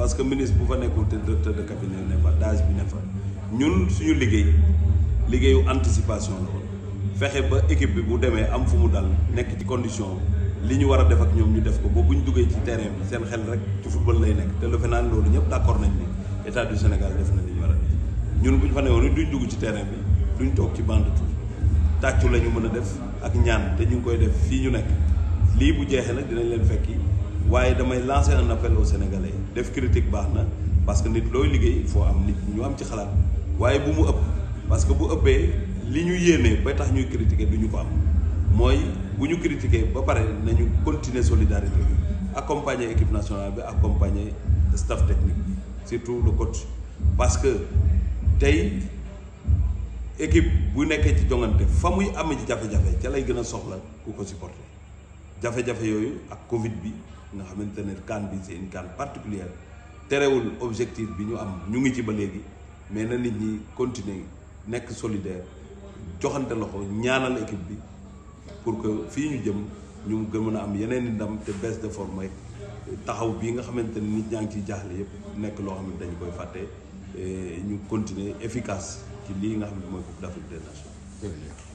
parce que ministre bu fa nekkul te directeur de cabinet ne fa DAGE bi ne fa ñun suñu liggéey liggéeyu anticipation la woon fexe ba équipe bi bu demee am fu mu dal nekk ci condition li ñu war a def ak ñoom ñu def ko ba ñu duggee ci terrain bi seen xel rek ci football lay nekk te le fait naan loolu ñëpp d'accord nañ ni état du Sénégal def na li ñu war a ñun bu ñu fa newoon duñ dugg ci terrain bi duñ toog ci bande tout tàccu la ñu mën a def ak ñaan te ñu koy def fii ñu nekk lii bu jeexee nag dinañ leen fekki. Je vais lancer un appel aux Sénégalais def critique baax parce que nous sommes liggéey il faut am nit ñu parce que si nous li ñu yéemee tax ñuy critiquer nous solidarité accompagner l'équipe nationale accompagner le staff technique surtout le coach parce que l'équipe équipe bu sommes ci fa muy Nous devons supporter Covid 19 nga xamante ne CAN bi c'est une CAN particulière terewul objectif bi ñu am ñu ngi ci ba léegi mais na nit ñi continuer nekk solidaire joxante loxo ñaanal équipe bi pour que fii ñu jëm ñu gën mën a am yeneen i ndam te baisse de forme taxaw bii nga xamante ne nit ñaa ngi ciy jaaxle yëpp nekk loo xam ne dañu koy fàtte ñu continuer efficace ci lii nga xam ne mooy Coupe d'Afrique des